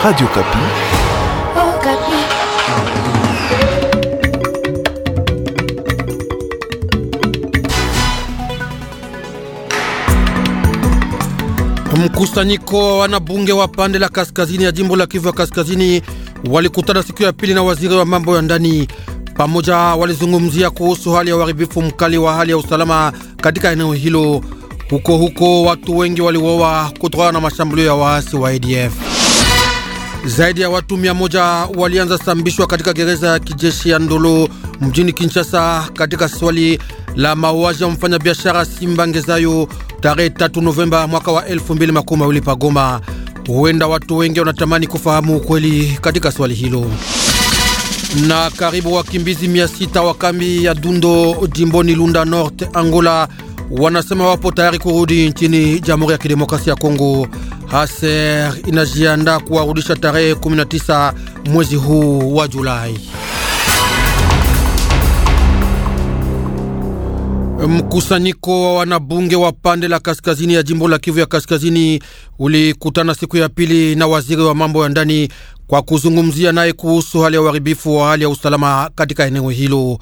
Radio Kapi. Oh, Kapi. Mkusanyiko wa wanabunge wa pande la kaskazini ya jimbo la Kivu ya kaskazini walikutana siku ya pili na waziri wa mambo ya ndani. Pamoja walizungumzia kuhusu hali ya uharibifu mkali wa hali ya usalama katika eneo hilo. Huko huko watu wengi waliuawa kutokana na mashambulio ya waasi wa ADF. Zaidi ya watu mia moja walianza sambishwa katika gereza ya kijeshi ya Ndolo mjini Kinshasa katika swali la mauaji ya mfanyabiashara Simba Ngezayo tarehe 3 Novemba mwaka wa 2012 pa Goma. Huenda watu wengi wanatamani kufahamu ukweli katika swali hilo. Na karibu wakimbizi mia sita wa kambi ya Dundo jimboni Lunda North Angola wanasema wapo tayari kurudi nchini Jamhuri ya Kidemokrasia ya Kongo. Aser inajiandaa kuwarudisha tarehe 19 mwezi huu wa Julai. Mkusanyiko wa wanabunge wa pande la kaskazini ya jimbo la Kivu ya kaskazini ulikutana siku ya pili na waziri wa mambo ya ndani kwa kuzungumzia naye kuhusu hali ya uharibifu wa hali ya usalama katika eneo hilo.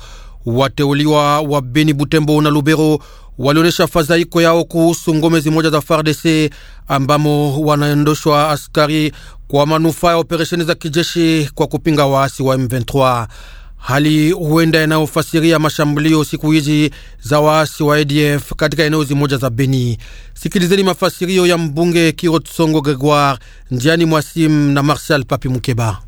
Wateuliwa wa Beni, Butembo na Lubero walionyesha fadhaiko yao kuhusu ngomezi moja za FARDC ambamo wanaendoshwa askari kwa manufaa ya operesheni za kijeshi kwa kupinga waasi wa M23. Hali huenda inayofasiria mashambulio siku hizi za waasi wa ADF katika eneo zimoja za Beni. Sikilizeni mafasirio ya mbunge Kirotsongo Gregoire, njiani Mwasim na Marshal Papi Mukeba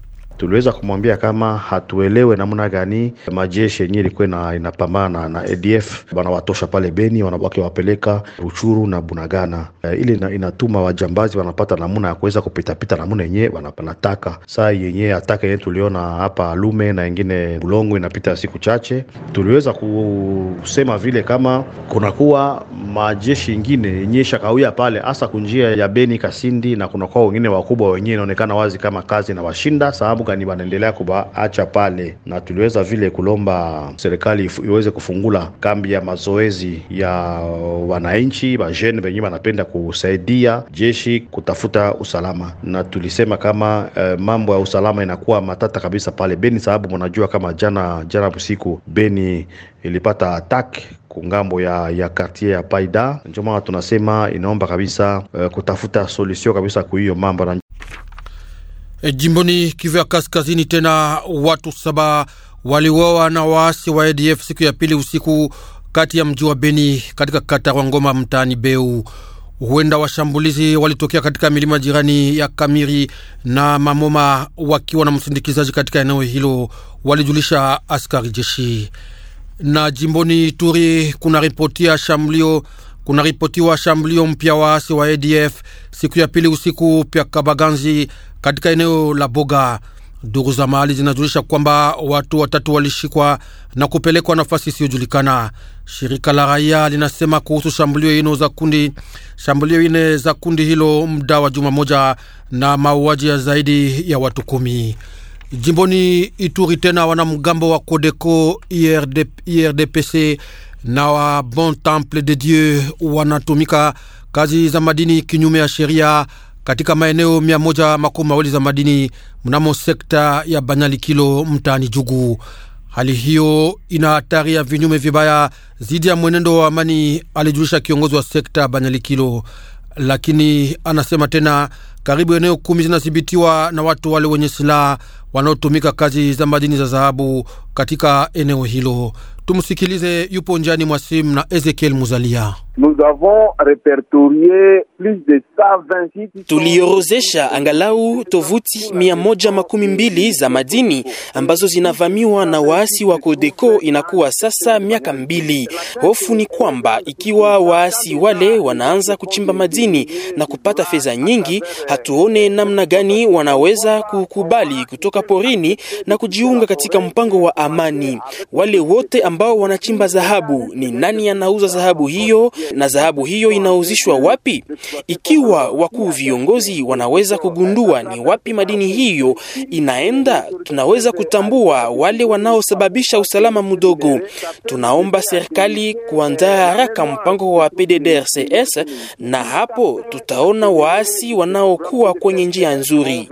tuliweza kumwambia kama hatuelewe namna gani majeshi yenyewe ilikuwa inapambana na ADF, wanawatosha pale Beni, wanabaki wapeleka Ruchuru na Bunagana. Eh, e, ili na, inatuma wajambazi wanapata namna ya kuweza kupitapita namna yenyewe wanataka. Saa yenyewe ataka yenyewe tuliona hapa Lume na ingine Bulongo inapita siku chache, tuliweza kusema vile kama kunakuwa majeshi ingine yenye shakawia pale hasa kunjia ya Beni Kasindi, na kunakuwa wengine wakubwa wenyewe inaonekana wazi kama kazi na washinda sababu gani wanaendelea kuwaacha pale, na tuliweza vile kulomba serikali iweze kufungula kambi ya mazoezi ya wananchi bajene wenyewe wanapenda kusaidia jeshi kutafuta usalama, na tulisema kama uh, mambo ya usalama inakuwa matata kabisa pale Beni, sababu mnajua kama jana jana usiku Beni ilipata attack kungambo ya ya kartier ya Paida. Ndio maana tunasema inaomba kabisa uh, kutafuta solution kabisa hiyo mambo na E, jimboni Kivu ya Kaskazini, tena watu saba waliuawa na waasi wa ADF siku ya pili usiku kati ya mji wa Beni katika kata wa Ngoma mtaani Beu. Huenda washambulizi walitokea katika milima jirani ya Kamiri na Mamoma wakiwa na msindikizaji katika eneo hilo, walijulisha askari jeshi. Na jimboni Turi kuna ripoti ya shambulio kunaripotiwa shambulio mpya waasi wa ADF siku ya pili usiku pya Kabaganzi katika eneo la Boga. Duru za mahali zinajulisha kwamba watu watatu walishikwa na kupelekwa nafasi isiyojulikana. Shirika la raia linasema kuhusu shambulio ino za kundi shambulio ine za kundi hilo muda wa juma moja na mauaji ya zaidi ya watu kumi. Jimboni Ituri tena wanamgambo wa Kodeko IRD, IRDPC na wa Bon Temple de Dieu wanatumika kazi za madini kinyume ya sheria katika maeneo mia moja makumi mawili za madini mnamo sekta ya Banyalikilo mtaani Jugu. Hali hiyo ina hatari ya vinyume vibaya dhidi ya mwenendo wa amani, alijulisha kiongozi wa sekta Banyalikilo. Lakini anasema tena, karibu eneo kumi zinathibitiwa na watu wale wenye silaha wanaotumika kazi za madini za dhahabu katika eneo hilo. Tumsikilize, yupo njani mwasimu na Ezekiel Muzalia. Tuliorozesha angalau tovuti mia moja makumi mbili za madini ambazo zinavamiwa na waasi wa Kodeko. Inakuwa sasa miaka mbili. Hofu ni kwamba ikiwa waasi wale wanaanza kuchimba madini na kupata fedha nyingi, hatuone namna gani wanaweza kukubali kutoka porini na kujiunga katika mpango wa amani amani. Wale wote ambao wanachimba dhahabu, ni nani anauza dhahabu hiyo na dhahabu hiyo inauzishwa wapi? Ikiwa wakuu viongozi wanaweza kugundua ni wapi madini hiyo inaenda, tunaweza kutambua wale wanaosababisha usalama mdogo. Tunaomba serikali kuandaa haraka mpango wa PDDRCS na hapo tutaona waasi wanaokuwa kwenye njia nzuri.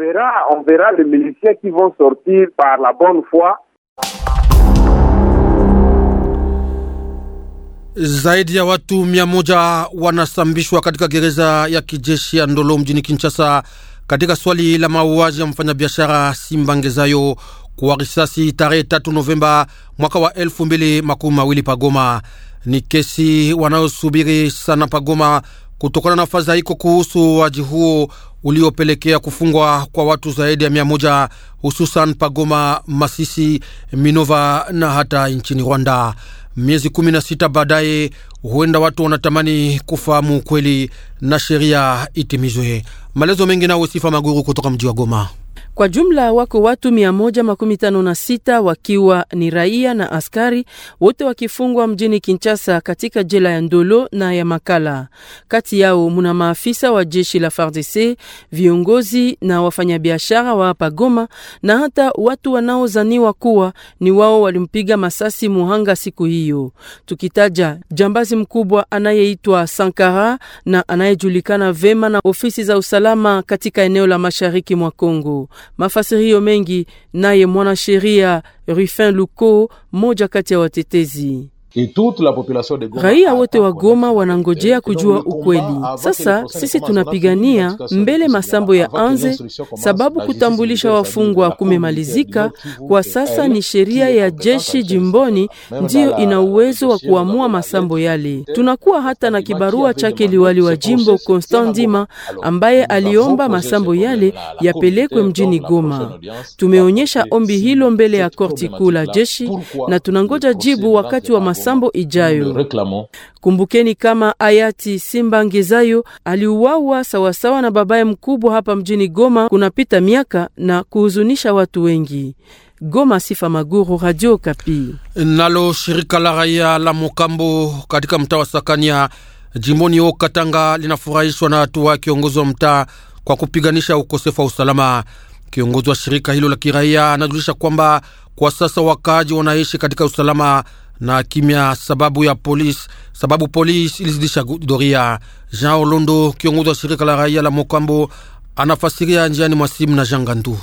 Zaidi ya watu mia moja wanasambishwa katika gereza ya kijeshi ya Ndolo mjini Kinshasa katika swali la mauaji ya mfanyabiashara Ngezayo kwa risasi tarehe 3 Novemba mwaka wa elfu mbili makumi mawili pagoma. Ni kesi wanayosubiri sana pagoma kutokana na fadhaiko kuhusu waji huo uliopelekea kufungwa kwa watu zaidi ya mia moja hususan Pagoma, Masisi, Minova na hata nchini Rwanda. Miezi 16 baadaye, huenda watu wanatamani kufahamu ukweli na sheria itimizwe. Maelezo mengi nawe Sifa Maguru kutoka mji wa Goma. Kwa jumla wako watu 156 wakiwa ni raia na askari, wote wakifungwa mjini Kinshasa katika jela ya Ndolo na ya Makala. Kati yao muna maafisa wa jeshi la FARDC, viongozi na wafanyabiashara wa hapa Goma, na hata watu wanaozaniwa kuwa ni wao walimpiga masasi muhanga siku hiyo, tukitaja jambazi mkubwa anayeitwa Sankara na anayejulikana vema na ofisi za usalama katika eneo la mashariki mwa Kongo mafasirio mengi naye mwanasheria Rufin Luko, moja kati ya watetezi Raia wote wa Goma wanangojea kujua ukweli. Sasa sisi tunapigania mbele masambo ya anze, sababu kutambulisha wafungwa kumemalizika kwa sasa. Ni sheria ya jeshi jimboni ndiyo ina uwezo wa kuamua masambo yale. Tunakuwa hata na kibarua chake liwali wa jimbo Constant Ndima ambaye aliomba masambo yale yapelekwe mjini Goma. Tumeonyesha ombi hilo mbele ya korti kuu la jeshi na tunangoja jibu wakati wa masambo ijayo. Kumbukeni kama hayati Simba Ngezayo aliuawa sawasawa na babaye mkubwa hapa mjini Goma kunapita miaka na kuhuzunisha watu wengi. Goma, Sifa Maguru, Radio Kapi. Nalo shirika la raia la Mokambo katika mtaa wa Sakania jimboni o Katanga linafurahishwa na hatua kiongozi wa mtaa kwa kupiganisha ukosefu wa usalama. Kiongozi wa shirika hilo la kiraia anajulisha kwamba kwa sasa wakaaji wanaishi katika usalama na kimya sababu ya polisi, sababu polisi ilizidisha doria. Jean Olondo, kiongozi wa shirika la raia la Mokambo, anafasiria njiani mwasimu na Jean Gandu.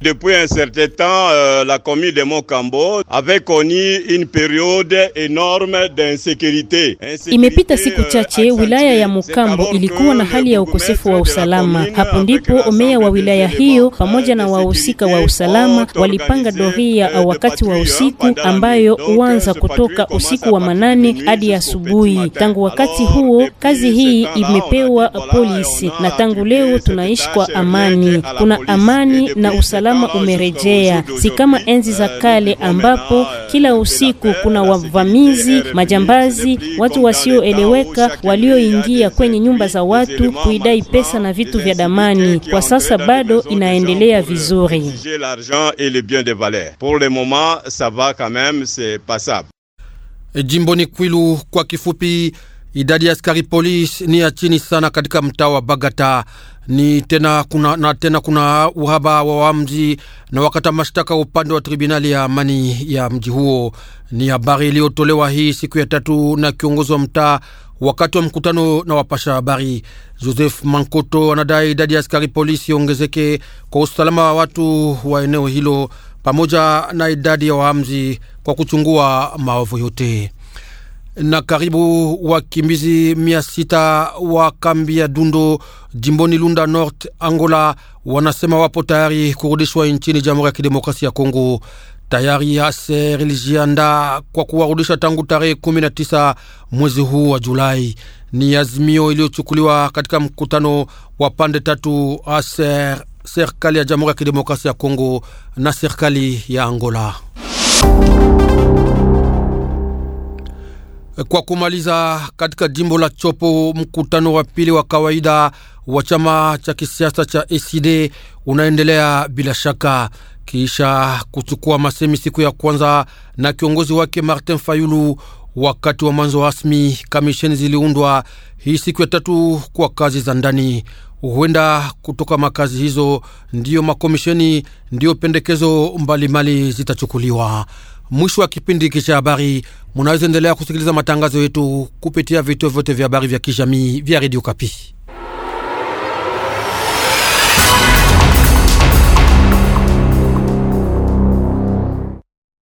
Depuis un certain temps, euh, la commune de Mokambo avait connu une période énorme d'insécurité. Imepita siku euh, chache, wilaya ya mokambo ilikuwa na hali ya ukosefu wa usalama. Hapo ndipo umeya wa wilaya hiyo pamoja na wahusika wa usalama walipanga doria euh, wakati wa usiku ambayo euh, huanza kutoka usiku wa manane hadi asubuhi. Tangu wakati huo, kazi hii imepewa polisi na tangu leo tunaishi kwa amani. Kuna amani na usalama usalama umerejea, si kama enzi za eh, kale ambapo eh, kila usiku kuna wavamizi, majambazi, watu wasioeleweka walioingia kwenye nyumba za watu kuidai pesa na vitu vya damani. Kwa sasa bado inaendelea vizuri. Eh, Jimboni Kwilu kwa kifupi, idadi ya askari polisi ni ya chini sana katika mtaa wa Bagata ni tena kuna, na tena kuna uhaba wa wamzi na wakata mashtaka upande wa tribunali ya amani ya mji huo. Ni habari iliyotolewa hii siku ya tatu na kiongozi wa mtaa wakati wa mkutano na wapasha habari. Joseph Mankoto anadai idadi ya askari polisi ongezeke kwa usalama wa watu wa eneo hilo pamoja na idadi ya waamzi kwa kuchungua maovu yote na karibu wakimbizi mia sita wa kambi ya Dundo jimboni Lunda North Angola wanasema wapo tayari kurudishwa nchini Jamhuri ya Kidemokrasia ya Kongo. Tayari ASER ilijianda kwa kuwarudisha tangu tarehe 19 mwezi huu wa Julai. Ni azimio iliyochukuliwa katika mkutano wa pande tatu: ASER, serikali ya Jamhuri ya Kidemokrasia ya Kongo na serikali ya Angola. Kwa kumaliza, katika jimbo la Chopo, mkutano wa pili wa kawaida wa chama cha kisiasa cha ECD unaendelea bila shaka, kisha kuchukua masemi siku ya kwanza na kiongozi wake Martin Fayulu. Wakati wa mwanzo rasmi, kamisheni ziliundwa hii siku ya tatu kwa kazi za ndani huenda kutoka makazi hizo ndiyo makomisheni ndiyo pendekezo mbalimbali zitachukuliwa. Mwisho wa kipindi hiki cha habari, munaweza endelea kusikiliza matangazo yetu kupitia vituo vyote vya habari vya kijamii vya redio Kapi.